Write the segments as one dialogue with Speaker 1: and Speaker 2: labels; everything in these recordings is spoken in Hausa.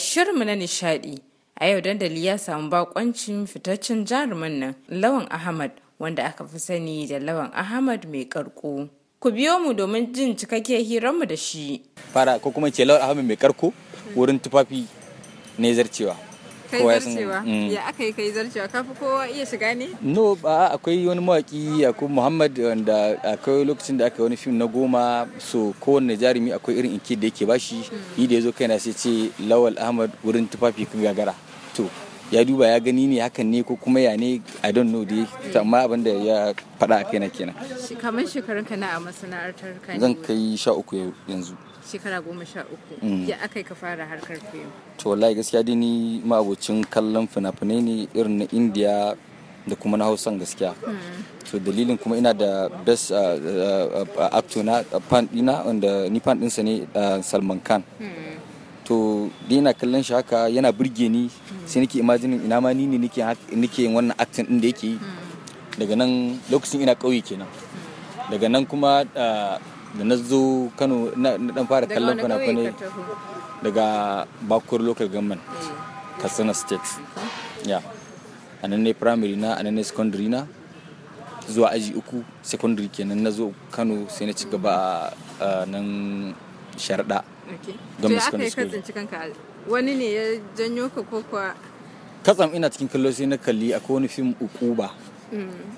Speaker 1: Shirinmu na nishadi a yau dandali ya samu bakoncin fitaccen jaruman nan Lawan Ahmad wanda aka fi sani da Lawan Ahmad mai karko. Ku biyo mu domin jin cikakken hiranmu da shi.
Speaker 2: Fara ko kuma ce Lawan Ahmad mai karko wurin tufafi ne zarcewa. kowa ya mm. ya
Speaker 1: aka yi kai zarcewa kafi kowa iya shiga ne
Speaker 2: no ba akwai wani mawaki akwai muhammad wanda akwai lokacin da aka wani fim na goma so kowane jarumi akwai irin inki da yake bashi yi mm. da ya zo kaina sai ce lawal ahmad wurin tufafi kan gagara to ya duba ya gani ne hakan ne ko kuma ya ne i don't know dai amma abin da ya faɗa a na kenan
Speaker 1: kamar ka na a masana'artar kan zan
Speaker 2: kai sha uku yanzu
Speaker 1: shekara goma sha uku mm. ya aka ka fara harkar fim
Speaker 2: to wallahi gaskiya dai ni ma'abocin kallon fina-finai ne irin na indiya da kuma na hausan gaskiya so mm. dalilin kuma ina da best uh, uh, uh, actor na pan dina wanda ni pan dinsa ne salman khan mm. to dai kallon shi haka yana burge ni sai nake imajinin ina ma ni ne nake yin wannan acting din da yake yi daga nan lokacin ina kauye kenan daga nan kuma da na zo kano na dan fara kallon fina-finai daga bakwai local government eh. katsina state ya a nan ne primary na a nan ne secondary na zuwa aji uku secondary kenan na zo kano sai na ci gaba a nan sharda
Speaker 1: don secondary school wani ne ya janyo ka kokowa
Speaker 2: katsam ina cikin kallo sai na kalli akwai wani fim ukuba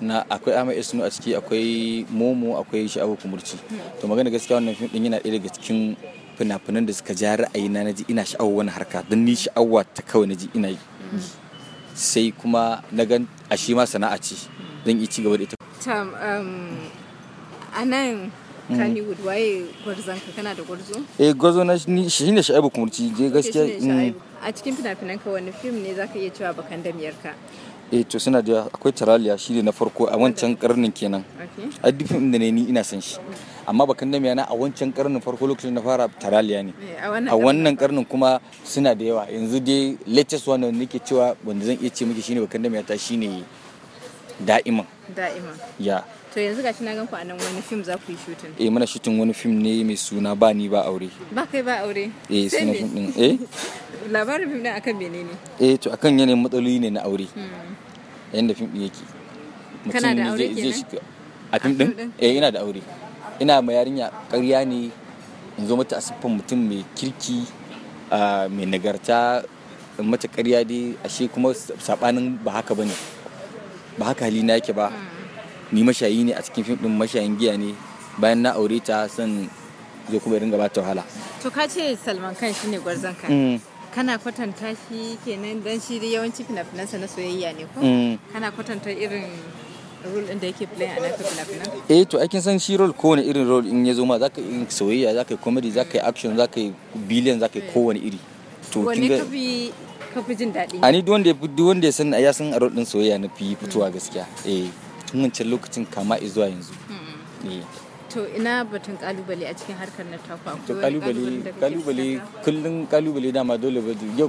Speaker 2: na akwai ama isnu a ciki akwai momo akwai sha'awar kumurci to magana gaskiya wannan fim din yana ɗaya daga cikin fina-finan da suka ja ra'ayi na naji ina sha'awar wani harka don ni sha'awa ta kawai naji ina yi sai kuma na gan a shi ma sana'a ce zan yi ci gaba da ita
Speaker 1: tam um, a nan Kannywood waye gwarzon ka kana da gwarzo?
Speaker 2: Eh gwarzo na shi ne sha'ibu kumurci je gaskiya. Mm.
Speaker 1: A cikin fina-finan ka wani fim ne zaka iya cewa bakan damiyar ka?
Speaker 2: eh to suna da akwai taraliya shi ne na farko a wancan karnin kenan a duk fim da ne ni ina san shi amma bakan da yana a wancan karnin farko lokacin na fara taraliya ne
Speaker 1: eh, a wannan
Speaker 2: karnin kuma suna da yawa yanzu dai latest one da nake cewa wanda zan iya ce miki shine bakan da ta shine da'iman da'iman ya
Speaker 1: to yanzu gashi na ganku a nan wani film za ku yi shooting
Speaker 2: eh muna shooting wani film ne mai suna ba ni ba aure
Speaker 1: ba kai ba aure eh suna film din eh labarin film din akan menene
Speaker 2: eh to akan yanayin matsaloli ne na aure hmm. yadda fim ɗin yake
Speaker 1: kana da aure kenan
Speaker 2: a fim ɗin eh ina da aure ina ma yarinya ƙarya ne in zo mata a siffan mutum mai kirki mai nagarta mata ƙarya dai ashe kuma saɓanin ba haka bane ba haka halina yake ba hmm. ni mashayi ne a cikin fim ɗin mashayin giya ne bayan na aure ta son zai kuma ringa ba ta wahala
Speaker 1: to ka ce salman kan shine gwarzon ka hmm. kana kwatanta shi kenan dan shi da yawanci fina-finansa na soyayya ne ko mm. kana kwatanta irin role din da yake play a naka fina-finan
Speaker 2: eh to aikin san shi role kowane irin role in ya zo ma zaka yi soyayya zaka yi comedy zaka yi action zaka yi billion zaka yi mm. kowane iri to kin ga
Speaker 1: ka fi jin daɗi ani duk
Speaker 2: wanda duk wanda ya san ya san a role din soyayya na fi fitowa gaskiya eh tun wancan lokacin kama zuwa yanzu
Speaker 1: mm. eh to ina batun kalubale a cikin harkar na taku ko kalubale kalubale
Speaker 2: kullun kalubale dama dole ba yau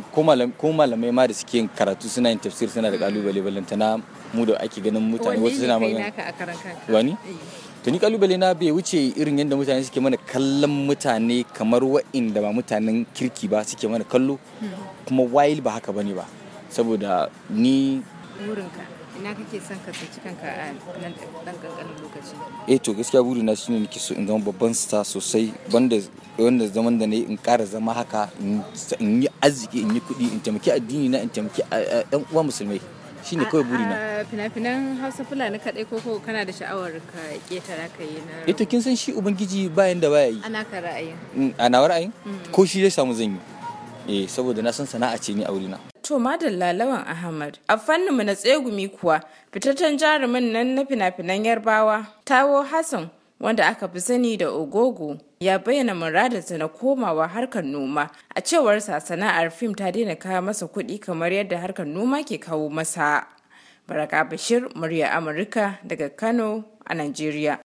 Speaker 2: ko malamai ma da suke yin karatu suna yin tafsir suna da hmm. kalubale na mu da ake ganin mutane wasu suna magana wani eh. to ni kalubale na bai wuce irin yadda mutane suke mana kallon mutane kamar wa'inda ba mutanen kirki ba suke mana kallo hmm. kuma wail ba haka bane ba saboda ni
Speaker 1: wurinka ina kake son ka tsinci kanka a nan dan kankanin lokaci
Speaker 2: eh to gaskiya buri na shine nake so in zama babban star sosai banda wanda zaman da nayi in ƙara zama haka in yi arziki in yi kuɗi in taimaki addini na in taimaki ɗan uwa musulmai shine kawai buri na
Speaker 1: fina-finan hausa fulani kadai ko ko kana da sha'awar ka ketara ka yi na
Speaker 2: ita eh kin san shi ubangiji bayan da baya yi
Speaker 1: ana ka ra'ayin
Speaker 2: mm, ana ra'ayin mm. ko shi zai samu zan yi eh saboda na san sana'a ce ni a wurina
Speaker 1: To madalla lawan Ahmad, a fanninmu na tsegumi kuwa fitaccen jarumin nan na fina-finan yarbawa Tawo Hassan wanda aka fi sani da Ogogo ya bayyana muradinsa na komawa harkar noma a cewar sa sana'ar fim ta daina kawo masa kuɗi kamar yadda harkar noma ke kawo masa. Baraka Bashir, murya Amurka daga Kano a Najeriya.